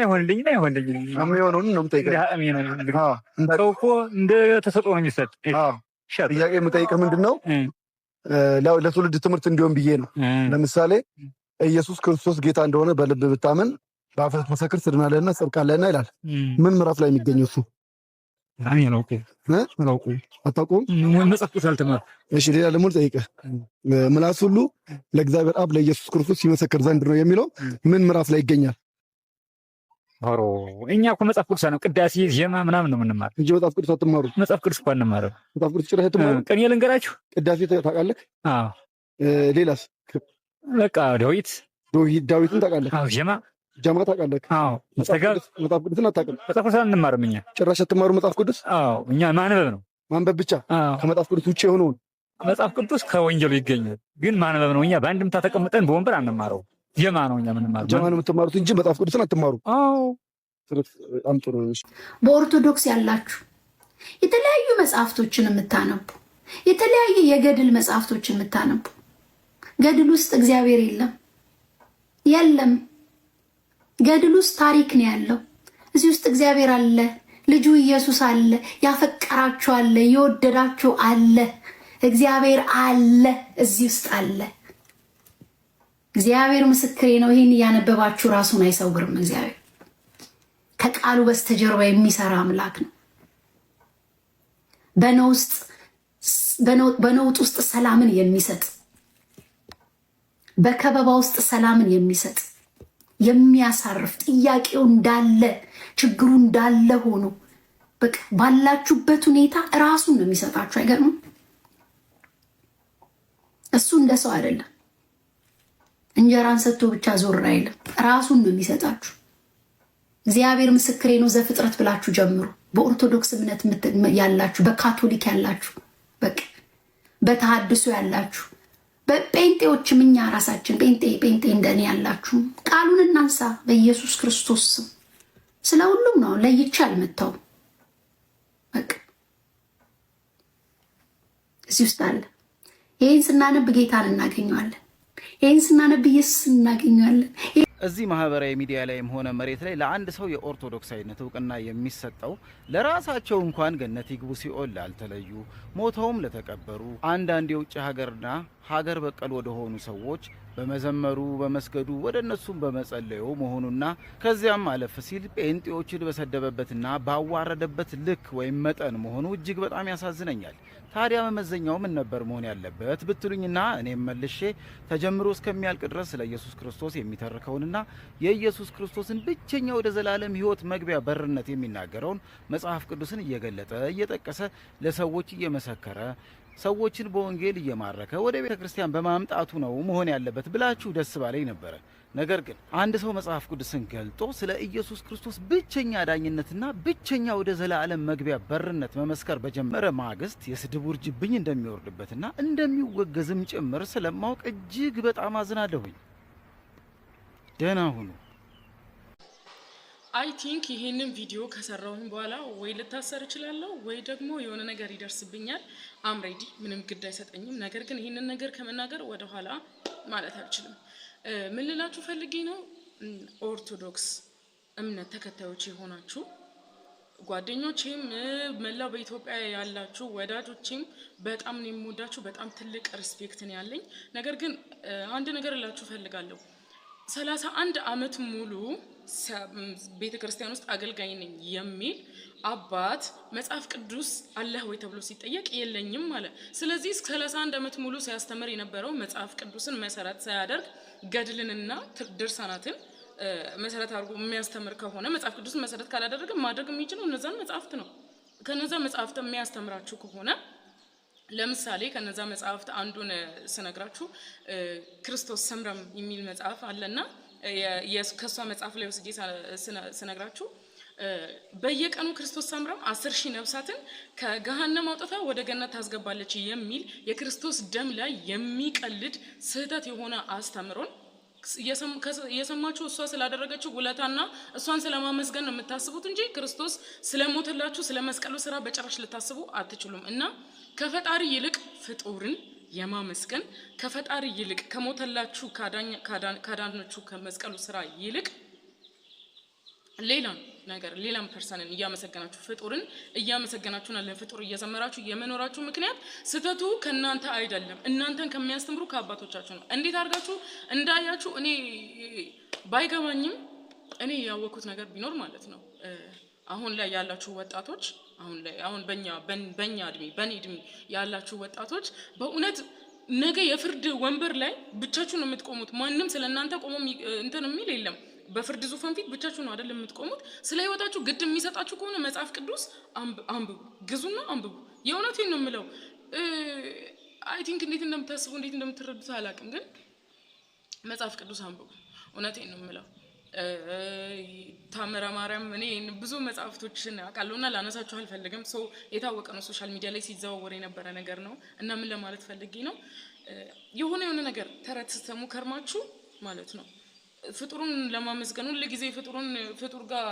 አይሆንልኝም አይሆንልኝም የሚሆነውን ነው የምጠይቀህ። ሰው እኮ እንደ ተሰጦ ነው የሚሰጥ። ጥያቄ የምጠይቀህ ምንድን ነው ለትውልድ ትምህርት እንዲሆን ብዬ ነው። ለምሳሌ ኢየሱስ ክርስቶስ ጌታ እንደሆነ በልብ ብታምን በአፍህ መሰክር ትድናለህና ትጸድቃለህና ይላል። ምን ምዕራፍ ላይ የሚገኝ እሱ? አታውቁም? ሌላ ደግሞ ልጠይቅህ። ምላስ ሁሉ ለእግዚአብሔር አብ ለኢየሱስ ክርስቶስ ሲመሰክር ዘንድ ነው የሚለው ምን ምዕራፍ ላይ ይገኛል? ሆሮ እኛ እኮ መጽሐፍ ቅዱስ ነው ቅዳሴ ዜማ ምናምን ነው የምንማር እንጂ መጽሐፍ ቅዱስ አትማሩት። መጽሐፍ ቅዱስ እኮ አንማርም። መጽሐፍ ቅዱስ ጭራሽ አትማሩም። ቀን ልንገራችሁ፣ ቅዳሴ ታውቃለህ? ሌላስ? በቃ ዳዊት ዳዊትን ታውቃለህ? ዜማ ጀማ ታውቃለህ? መጽሐፍ ቅዱስን አታውቅም? መጽሐፍ ቅዱስ አንማርም እኛ። ጭራሽ አትማሩ መጽሐፍ ቅዱስ? እኛ ማንበብ ነው ማንበብ ብቻ፣ ከመጽሐፍ ቅዱስ ውጭ የሆነውን መጽሐፍ ቅዱስ ከወንጀሉ ይገኛል፣ ግን ማንበብ ነው። እኛ በአንድምታ ተቀምጠን በወንበር አንማረው ጀማ ነው እኛ ምንማር ጀማ ነው የምትማሩት እንጂ መጽሐፍ ቅዱስን አትማሩ። በኦርቶዶክስ ያላችሁ የተለያዩ መጽሐፍቶችን የምታነቡ የተለያየ የገድል መጽሐፍቶችን የምታነቡ ገድል ውስጥ እግዚአብሔር የለም የለም። ገድል ውስጥ ታሪክ ነው ያለው። እዚህ ውስጥ እግዚአብሔር አለ፣ ልጁ ኢየሱስ አለ፣ ያፈቀራችሁ አለ፣ የወደዳችሁ አለ፣ እግዚአብሔር አለ፣ እዚህ ውስጥ አለ። እግዚአብሔር ምስክሬ ነው። ይህን እያነበባችሁ ራሱን አይሰውርም። እግዚአብሔር ከቃሉ በስተጀርባ የሚሰራ አምላክ ነው። በነውጥ ውስጥ ሰላምን የሚሰጥ በከበባ ውስጥ ሰላምን የሚሰጥ የሚያሳርፍ ጥያቄው እንዳለ ችግሩ እንዳለ ሆኖ በቃ ባላችሁበት ሁኔታ ራሱን ነው የሚሰጣችሁ። አይገርምም? እሱ እንደ ሰው አይደለም። እንጀራን ሰጥቶ ብቻ ዞር አይልም። ራሱን ነው የሚሰጣችሁ። እግዚአብሔር ምስክሬ ነው። ዘፍጥረት ብላችሁ ጀምሩ። በኦርቶዶክስ እምነት ያላችሁ፣ በካቶሊክ ያላችሁ፣ በቃ በተሃድሶ ያላችሁ፣ በጴንጤዎችም እኛ ራሳችን ጴንጤ ጴንጤ እንደኔ ያላችሁ ቃሉን እናንሳ። በኢየሱስ ክርስቶስ ስም ስለ ሁሉም ነው። ለይቼ አልመታውም። በቃ እዚህ ውስጥ አለ። ይህን ስናነብ ጌታን እናገኘዋለን። ይህን ስናነብ ኢየሱስ እናገኘዋለን። እዚህ ማህበራዊ ሚዲያ ላይም ሆነ መሬት ላይ ለአንድ ሰው የኦርቶዶክሳዊነት እውቅና የሚሰጠው ለራሳቸው እንኳን ገነት ይግቡ ሲኦል ላልተለዩ ሞተውም ለተቀበሩ አንዳንድ የውጭ ሀገርና ሀገር በቀል ወደሆኑ ሰዎች በመዘመሩ በመስገዱ ወደ እነሱም በመጸለዩ መሆኑና ከዚያም አለፍ ሲል ጴንጤዎችን በሰደበበትና ባዋረደበት ልክ ወይም መጠን መሆኑ እጅግ በጣም ያሳዝነኛል። ታዲያ መመዘኛው ምን ነበር መሆን ያለበት ብትሉኝና እኔም መልሼ ተጀምሮ እስከሚያልቅ ድረስ ስለ ኢየሱስ ክርስቶስ የሚተርከውንና የኢየሱስ ክርስቶስን ብቸኛ ወደ ዘላለም ሕይወት መግቢያ በርነት የሚናገረውን መጽሐፍ ቅዱስን እየገለጠ እየጠቀሰ ለሰዎች እየመሰከረ ሰዎችን በወንጌል እየማረከ ወደ ቤተ ክርስቲያን በማምጣቱ ነው መሆን ያለበት ብላችሁ ደስ ባለኝ ነበረ። ነገር ግን አንድ ሰው መጽሐፍ ቅዱስን ገልጦ ስለ ኢየሱስ ክርስቶስ ብቸኛ ዳኝነትና ብቸኛ ወደ ዘላለም መግቢያ በርነት መመስከር በጀመረ ማግስት የስድብ ውርጅብኝ እንደሚወርድበትና እንደሚወገዝም ጭምር ስለማውቅ እጅግ በጣም አዝናለሁኝ። ደህና ሁኑ። አይ ቲንክ ይሄንን ቪዲዮ ከሰራሁኝ በኋላ ወይ ልታሰር እችላለሁ ወይ ደግሞ የሆነ ነገር ይደርስብኛል። አምሬዲ ምንም ግድ አይሰጠኝም። ነገር ግን ይሄንን ነገር ከመናገር ወደኋላ ማለት አልችልም። ምን ልላችሁ ፈልጌ ነው ኦርቶዶክስ እምነት ተከታዮች የሆናችሁ ጓደኞቼም መላው በኢትዮጵያ ያላችሁ ወዳጆቼም በጣም ነው የምወዳችሁ። በጣም ትልቅ ሪስፔክት ነው ያለኝ። ነገር ግን አንድ ነገር እላችሁ ፈልጋለሁ። ሰላሳ አንድ አመት ሙሉ ቤተ ክርስቲያን ውስጥ አገልጋይ ነኝ የሚል አባት መጽሐፍ ቅዱስ አለህ ወይ ተብሎ ሲጠየቅ የለኝም አለ። ስለዚህ እስከ 31 ዓመት ሙሉ ሲያስተምር የነበረው መጽሐፍ ቅዱስን መሰረት ሳያደርግ ገድልንና ድርሳናትን መሰረት አድርጎ የሚያስተምር ከሆነ መጽሐፍ ቅዱስን መሰረት ካላደረገ ማድረግ የሚችለው እነዛን መጽሐፍት ነው። ከነዛ መጽሐፍት የሚያስተምራችሁ ከሆነ ለምሳሌ ከነዛ መጽሐፍት አንዱን ስነግራችሁ ክርስቶስ ሰምረም የሚል መጽሐፍ አለና ከእሷ መጽሐፍ ላይ ወስጄ ስነግራችሁ በየቀኑ ክርስቶስ ሰምራ አስር ሺህ ነብሳትን ከገሃነም አውጥታ ወደ ገነት ታስገባለች የሚል የክርስቶስ ደም ላይ የሚቀልድ ስህተት የሆነ አስተምሮን የሰማችሁ እሷ ስላደረገችው ውለታና እሷን ስለማመስገን ነው የምታስቡት እንጂ ክርስቶስ ስለሞተላችሁ ስለ መስቀሉ ስራ በጭራሽ ልታስቡ አትችሉም። እና ከፈጣሪ ይልቅ ፍጡርን የማመስገን ከፈጣሪ ይልቅ ከሞተላችሁ ካዳኖቹ ከመስቀሉ ስራ ይልቅ ሌላን ነገር ሌላም ፐርሰንን እያመሰገናችሁ ፍጡርን እያመሰገናችሁና ፍጡር እየዘመራችሁ የመኖራችሁ ምክንያት ስህተቱ ከእናንተ አይደለም፣ እናንተን ከሚያስተምሩ ከአባቶቻችሁ ነው። እንዴት አድርጋችሁ እንዳያችሁ እኔ ባይገባኝም እኔ ያወኩት ነገር ቢኖር ማለት ነው አሁን ላይ ያላችሁ ወጣቶች አሁን ላይ አሁን በእኛ በእኛ እድሜ በእኔ እድሜ ያላችሁ ወጣቶች በእውነት ነገ የፍርድ ወንበር ላይ ብቻችሁን የምትቆሙት ማንም ስለ እናንተ ቆሞ እንትን የሚል የለም። በፍርድ ዙፋን ፊት ብቻችሁ ነው አይደለም የምትቆሙት። ስለ ህይወታችሁ ግድ የሚሰጣችሁ ከሆነ መጽሐፍ ቅዱስ አንብቡ፣ ግዙና አንብቡ። የእውነቴን ነው የምለው። አይ ቲንክ እንዴት እንደምታስቡ እንዴት እንደምትረዱት አላውቅም፣ ግን መጽሐፍ ቅዱስ አንብቡ። እውነቴን ነው የምለው። ታምረ ማርያም እኔ ብዙ መጽሐፍቶችን አውቃለሁና ላነሳችሁ አልፈልግም። ሰው የታወቀ ነው፣ ሶሻል ሚዲያ ላይ ሲዘዋወር የነበረ ነገር ነው። እና ምን ለማለት ፈልጌ ነው የሆነ የሆነ ነገር ተረት ስትሰሙ ከርማችሁ ማለት ነው ፍጡሩን ለማመስገን ሁል ጊዜ ፍጡሩን ፍጡር ጋር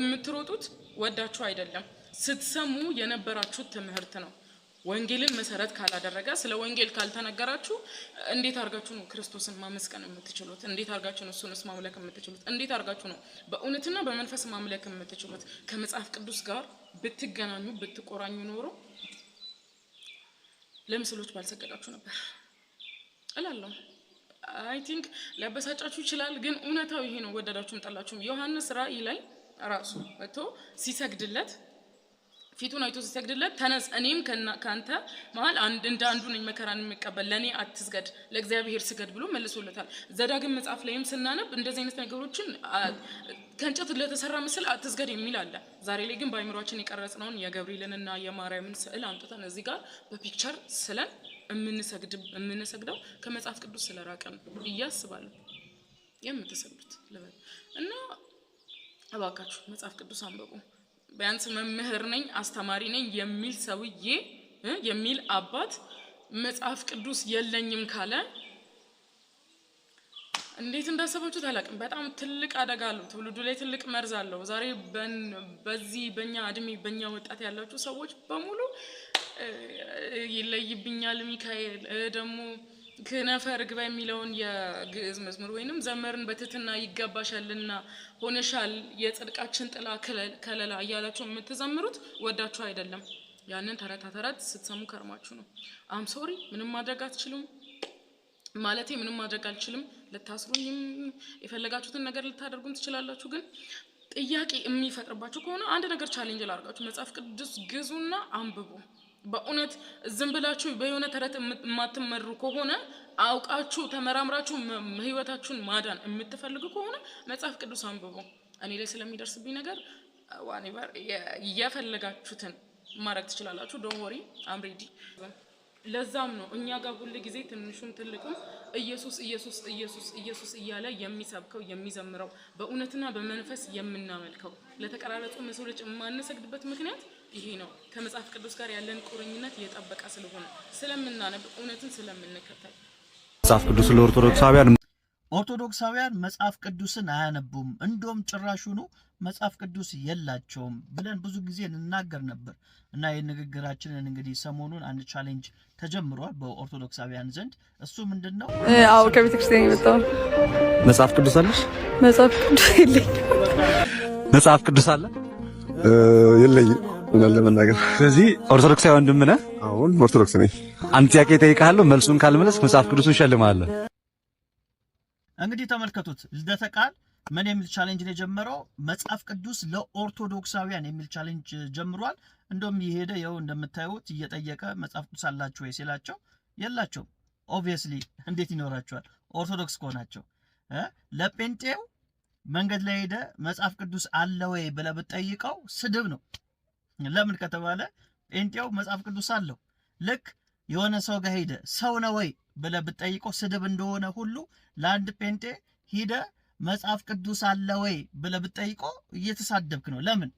የምትሮጡት ወዳችሁ አይደለም፣ ስትሰሙ የነበራችሁት ትምህርት ነው። ወንጌልን መሰረት ካላደረገ ስለ ወንጌል ካልተነገራችሁ እንዴት አድርጋችሁ ነው ክርስቶስን ማመስገን የምትችሉት? እንዴት አድርጋችሁ ነው እሱንስ ማምለክ የምትችሉት? እንዴት አድርጋችሁ ነው በእውነትና በመንፈስ ማምለክ የምትችሉት? ከመጽሐፍ ቅዱስ ጋር ብትገናኙ ብትቆራኙ ኖሮ ለምስሎች ባልሰገዳችሁ ነበር እላለሁ። አይ ቲንክ ሊያበሳጫችሁ ይችላል፣ ግን እውነታው ይሄ ነው። ወደዳችሁም ጠላችሁም ዮሐንስ ራእይ ላይ ራሱ መጥቶ ሲሰግድለት ፊቱን አይቶ ሲሰግድለት ተነስ፣ እኔም ከአንተ መሀል እንደ አንዱ ነኝ መከራን የሚቀበል ለእኔ አትስገድ፣ ለእግዚአብሔር ስገድ ብሎ መልሶለታል። ዘዳግም መጽሐፍ ላይም ስናነብ እንደዚህ አይነት ነገሮችን ከእንጨት ለተሰራ ምስል አትስገድ የሚል አለ። ዛሬ ላይ ግን በአይምሯችን የቀረጽነውን የገብርኤልንና የማርያምን ስዕል አምጥተን እዚህ ጋር በፒክቸር ስለን የምንሰግደው ከመጽሐፍ ቅዱስ ስለራቀን ብዬ አስባለሁ። የምትሰግዱት ልበል እና እባካችሁ መጽሐፍ ቅዱስ አንብቡ። ቢያንስ መምህር ነኝ አስተማሪ ነኝ የሚል ሰውዬ የሚል አባት መጽሐፍ ቅዱስ የለኝም ካለ እንዴት እንዳሰባችሁት አላውቅም። በጣም ትልቅ አደጋ አለው፣ ትውልዱ ላይ ትልቅ መርዝ አለው። ዛሬ በዚህ በእኛ እድሜ በእኛ ወጣት ያላችሁ ሰዎች በሙሉ ይለይብኛል ሚካኤል ደግሞ ክነፈር ግባ የሚለውን የግዕዝ መዝሙር ወይንም ዘመርን በትትና ይገባሻልና ሆነሻል የጽድቃችን ጥላ ከለላ እያላችሁ የምትዘምሩት ወዳችሁ አይደለም። ያንን ተረታ ተረት ስትሰሙ ከርማችሁ ነው። አም ሶሪ ምንም ማድረግ አትችሉም ማለቴ ምንም ማድረግ አልችልም። ልታስሩኝም የፈለጋችሁትን ነገር ልታደርጉም ትችላላችሁ። ግን ጥያቄ የሚፈጥርባችሁ ከሆነ አንድ ነገር ቻሌንጅ ላርጋችሁ፣ መጽሐፍ ቅዱስ ግዙና አንብቡ። በእውነት ዝም ብላችሁ በየሆነ ተረት የማትመሩ ከሆነ አውቃችሁ ተመራምራችሁ ህይወታችሁን ማዳን የምትፈልጉ ከሆነ መጽሐፍ ቅዱስ አንብቦ እኔ ላይ ስለሚደርስብኝ ነገር ዋኔቨር የፈለጋችሁትን ማድረግ ትችላላችሁ። ዶንወሪ አምሬዲ። ለዛም ነው እኛ ጋር ሁል ጊዜ ትንሹም ትልቁም ኢየሱስ ኢየሱስ ኢየሱስ ኢየሱስ እያለ የሚሰብከው የሚዘምረው በእውነትና በመንፈስ የምናመልከው ለተቀራረጡ ምስሎች የማንሰግድበት ምክንያት ይሄ ነው ከመጽሐፍ ቅዱስ ጋር ያለን ቁርኝነት እየጠበቀ ስለሆነ ስለምናነብ እውነትን ስለምንከተል መጽሐፍ ቅዱስ ለኦርቶዶክሳውያን ኦርቶዶክሳውያን መጽሐፍ ቅዱስን አያነቡም፣ እንደውም ጭራሹኑ መጽሐፍ ቅዱስ የላቸውም ብለን ብዙ ጊዜ እንናገር ነበር እና ይህ ንግግራችንን እንግዲህ ሰሞኑን አንድ ቻሌንጅ ተጀምሯል በኦርቶዶክሳውያን ዘንድ። እሱ ምንድን ነው? አዎ ከቤተ ክርስቲያን የመጣው መጽሐፍ ቅዱስ አለሽ? መጽሐፍ ቅዱስ የለኝም። መጽሐፍ ቅዱስ አለ? የለኝም ለመናገር ስለዚህ ኦርቶዶክሳዊ ወንድም ነህ? አሁን ኦርቶዶክስ ነኝ። አንድ ጥያቄ እጠይቅሃለሁ፣ መልሱን ካልመለስ መጽሐፍ ቅዱስን እሸልምሃለሁ። እንግዲህ ተመልከቱት፣ ልደተ ቃል ምን የሚል ቻሌንጅ ነው የጀመረው? መጽሐፍ ቅዱስ ለኦርቶዶክሳውያን የሚል ቻሌንጅ ጀምሯል። እንደውም የሄደ ይኸው እንደምታዩት እየጠየቀ መጽሐፍ ቅዱስ አላችሁ ወይ ሲላቸው የላቸውም። ኦብቪየስሊ እንዴት ይኖራቸዋል ኦርቶዶክስ ከሆናቸው ለጴንጤው መንገድ ላይ ሄደ መጽሐፍ ቅዱስ አለ ወይ ብለህ ብትጠይቀው ስድብ ነው። ለምን ከተባለ ጴንጤው መጽሐፍ ቅዱስ አለው። ልክ የሆነ ሰው ጋር ሄደ ሰው ነው ወይ ብለህ ብትጠይቀው ስድብ እንደሆነ ሁሉ ለአንድ ጴንጤ ሂደ መጽሐፍ ቅዱስ አለ ወይ ብለህ ብትጠይቀው እየተሳደብክ ነው። ለምን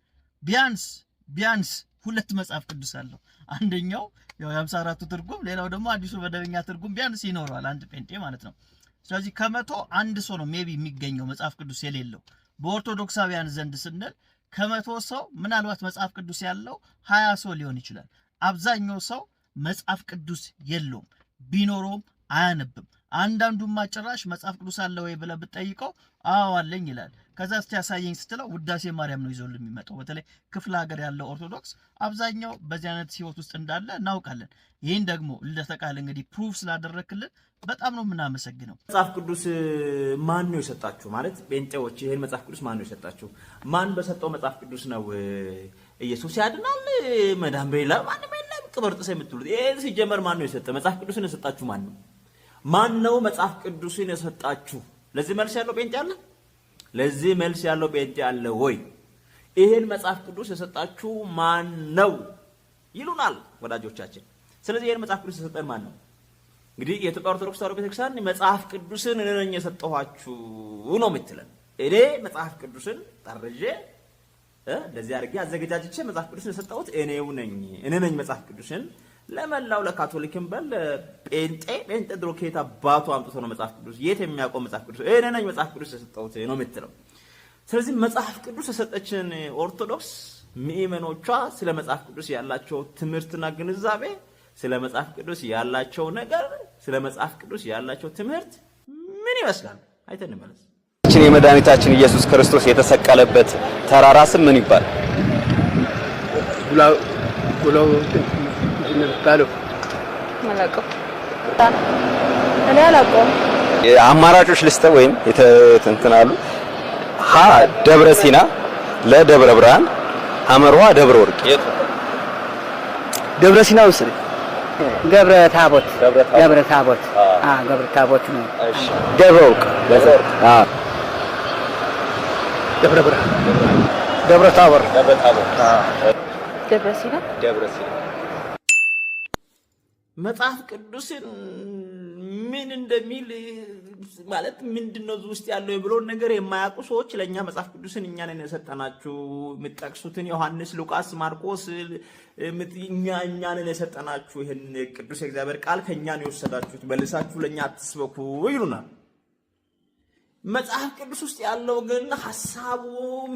ቢያንስ ቢያንስ ሁለት መጽሐፍ ቅዱስ አለው። አንደኛው ያው የሃምሳ አራቱ ትርጉም፣ ሌላው ደግሞ አዲሱ መደበኛ ትርጉም ቢያንስ ይኖረዋል አንድ ጴንጤ ማለት ነው። ስለዚህ ከመቶ አንድ ሰው ነው ሜቢ የሚገኘው መጽሐፍ ቅዱስ የሌለው። በኦርቶዶክሳውያን ዘንድ ስንል ከመቶ ሰው ምናልባት መጽሐፍ ቅዱስ ያለው ሀያ ሰው ሊሆን ይችላል። አብዛኛው ሰው መጽሐፍ ቅዱስ የለውም፣ ቢኖረውም አያነብም። አንዳንዱማ ጭራሽ መጽሐፍ ቅዱስ አለ ወይ ብለህ ብትጠይቀው አዎ አለኝ ይላል። ከዛ እስቲ ያሳየኝ ስትለው ውዳሴ ማርያም ነው ይዞልን የሚመጣው። በተለይ ክፍለ ሀገር ያለው ኦርቶዶክስ አብዛኛው በዚህ አይነት ህይወት ውስጥ እንዳለ እናውቃለን። ይህን ደግሞ ልደተቃል እንግዲህ ፕሩፍ ስላደረክልን በጣም ነው የምናመሰግነው። መጽሐፍ ቅዱስ ማን ነው የሰጣችሁ? ማለት ጴንጤዎች ይህን መጽሐፍ ቅዱስ ማን ነው የሰጣችሁ? ማን በሰጠው መጽሐፍ ቅዱስ ነው ኢየሱስ ያድናል መዳን በሌላ ማንም የለም ቅብር ጥሰ የምትሉት ይህ ሲጀመር ማን ነው የሰጠ? መጽሐፍ ቅዱስን የሰጣችሁ ማን ነው? ማን ነው መጽሐፍ ቅዱስን የሰጣችሁ? ለዚህ መልስ ያለው ጴንጤ አለ? ለዚህ መልስ ያለው ጴንጤ አለ ወይ? ይህን መጽሐፍ ቅዱስ የሰጣችሁ ማን ነው ይሉናል ወዳጆቻችን። ስለዚህ ይህን መጽሐፍ ቅዱስ የሰጠን ማን ነው? እንግዲህ የኢትዮጵያ ኦርቶዶክስ ተዋሕዶ ቤተክርስቲያን መጽሐፍ ቅዱስን እኔ ነኝ የሰጠኋችሁ ነው የምትለን። እኔ መጽሐፍ ቅዱስን ጠርዤ እንደዚህ አድርጌ አዘገጃጅቼ መጽሐፍ ቅዱስን የሰጠሁት እኔው ነኝ። እኔ ነኝ መጽሐፍ ቅዱስን ለመላው ለካቶሊክም በል ጴንጤ ጴንጤ ድሮ ከየት አባቱ አምጥቶ ነው መጽሐፍ ቅዱስ የት የሚያውቀው መጽሐፍ ቅዱስ እኔ ነኝ መጽሐፍ ቅዱስ የሰጠሁት ነው የምትለው። ስለዚህ መጽሐፍ ቅዱስ የሰጠችን ኦርቶዶክስ ምእመኖቿ ስለ መጽሐፍ ቅዱስ ያላቸው ትምህርትና ግንዛቤ፣ ስለ መጽሐፍ ቅዱስ ያላቸው ነገር፣ ስለ መጽሐፍ ቅዱስ ያላቸው ትምህርት ምን ይመስላል አይተን እንመለስ። የመድኃኒታችን ኢየሱስ ክርስቶስ የተሰቀለበት ተራራ ስም ምን ይባላል? የሚባለው? እኔ አላውቀውም። አማራጮች ልስጥ ወይም የተንትናሉ ሀ ደብረ ሲና፣ ለደብረ ብርሃን፣ ሐመሯ ደብረ ወርቅ። ደብረ ሲና ውስጥ ገብረ ታቦት ገብረ ታቦት አዎ ገብረ ታቦት ነው። ደብረ ወርቅ ደብረ ብርሃን ደብረ ታቦር ደብረ ታቦር አ ደብረ ሲና ደብረ ሲና መጽሐፍ ቅዱስን ምን እንደሚል ማለት ምንድን ነው ውስጥ ያለው የብለውን ነገር የማያውቁ ሰዎች ለእኛ መጽሐፍ ቅዱስን እኛ ነን የሰጠናችሁ፣ የምትጠቅሱትን ዮሐንስ፣ ሉቃስ፣ ማርቆስ እኛ እኛ ነን የሰጠናችሁ፣ ይህን ቅዱስ የእግዚአብሔር ቃል ከእኛ ነው የወሰዳችሁት፣ በልሳችሁ ለእኛ አትስበኩ ይሉናል። መጽሐፍ ቅዱስ ውስጥ ያለው ግን ሀሳቡ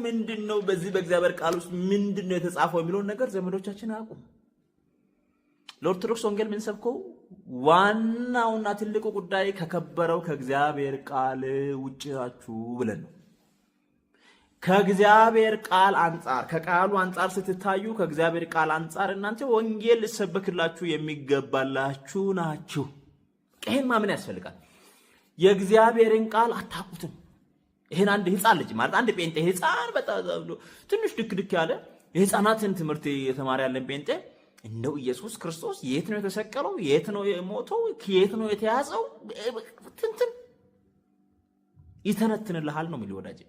ምንድን ነው፣ በዚህ በእግዚአብሔር ቃል ውስጥ ምንድን ነው የተጻፈው የሚለውን ነገር ዘመዶቻችን አያውቁም። ለኦርቶዶክስ ወንጌል ሰብከው ዋናውና ትልቁ ጉዳይ ከከበረው ከእግዚአብሔር ቃል ውጭ ናችሁ ብለን ነው። ከእግዚአብሔር ቃል አንጻር ከቃሉ አንጻር ስትታዩ ከእግዚአብሔር ቃል አንጻር እናንተ ወንጌል ልሰበክላችሁ የሚገባላችሁ ናችሁ። ይህን ማመን ያስፈልጋል። የእግዚአብሔርን ቃል አታውቁትም። ይህን አንድ ህፃን ልጅ ማለት አንድ ጴንጤ ህፃን በጣም ትንሽ ድክድክ ያለ የህፃናትን ትምህርት የተማረ ያለን ጴንጤ እነው ኢየሱስ ክርስቶስ የት ነው የተሰቀለው? የት ነው የሞተው? የት ነው የተያዘው? ትንትን ይተነትንልሃል ነው የሚል ወዳጅ።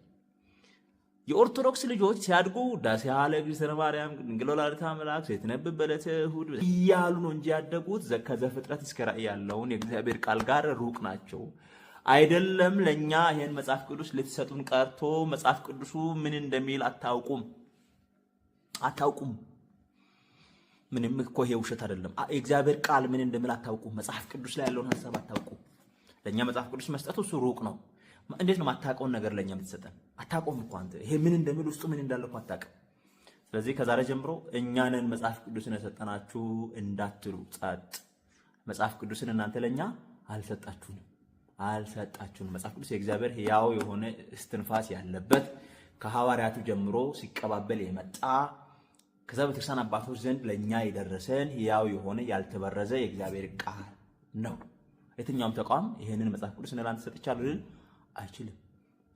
የኦርቶዶክስ ልጆች ሲያድጉ ዳሴ አለግ ስነ ማርያም ድንግል ወላዲተ አምላክ ስትነብብ በዕለተ እሑድ እያሉ ነው እንጂ ያደጉት ከዘፍጥረት እስከ ራእይ ያለውን የእግዚአብሔር ቃል ጋር ሩቅ ናቸው። አይደለም ለእኛ ይህን መጽሐፍ ቅዱስ ልትሰጡን ቀርቶ መጽሐፍ ቅዱሱ ምን እንደሚል አታውቁም አታውቁም። ምንም እኮ ይሄ ውሸት አይደለም። የእግዚአብሔር ቃል ምን እንደምል አታውቁ መጽሐፍ ቅዱስ ላይ ያለውን ሀሳብ አታውቁ? ለእኛ መጽሐፍ ቅዱስ መስጠቱ እሱ ሩቅ ነው። እንዴት ነው ማታውቀውን ነገር ለእኛ የምትሰጠን? አታውቀውም እኮ አንተ። ይሄ ምን እንደምል ውስጡ ምን እንዳለ እኮ አታውቅም። ስለዚህ ከዛሬ ጀምሮ እኛንን መጽሐፍ ቅዱስን የሰጠናችሁ እንዳትሉ ጸጥ። መጽሐፍ ቅዱስን እናንተ ለእኛ አልሰጣችሁንም አልሰጣችሁንም። መጽሐፍ ቅዱስ የእግዚአብሔር ሕያው የሆነ እስትንፋስ ያለበት ከሐዋርያቱ ጀምሮ ሲቀባበል የመጣ ከዛ ቤተክርስቲያን አባቶች ዘንድ ለእኛ የደረሰን ያው የሆነ ያልተበረዘ የእግዚአብሔር ቃል ነው። የትኛውም ተቋም ይህንን መጽሐፍ ቅዱስ ለአንተ ሰጥቻለሁ ልል አይችልም።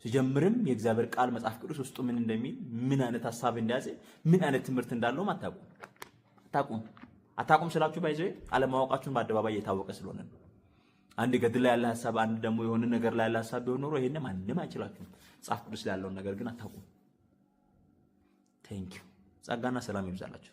ሲጀምርም የእግዚአብሔር ቃል መጽሐፍ ቅዱስ ውስጡ ምን እንደሚል ምን አይነት ሀሳብ እንደያዘ ምን አይነት ትምህርት እንዳለውም አታቁም አታቁም አታቁም ስላችሁ ባይዘ አለማወቃችሁን በአደባባይ እየታወቀ ስለሆነ ነው። አንድ ገድል ላይ ያለ ሀሳብ፣ አንድ ደግሞ የሆነ ነገር ላይ ያለ ሀሳብ ቢሆን ኖሮ ይህን ማንም አይችላችሁም። መጽሐፍ ቅዱስ ላይ ያለውን ነገር ግን አታቁም። ቴንኪው ጸጋና ሰላም ይብዛላችሁ።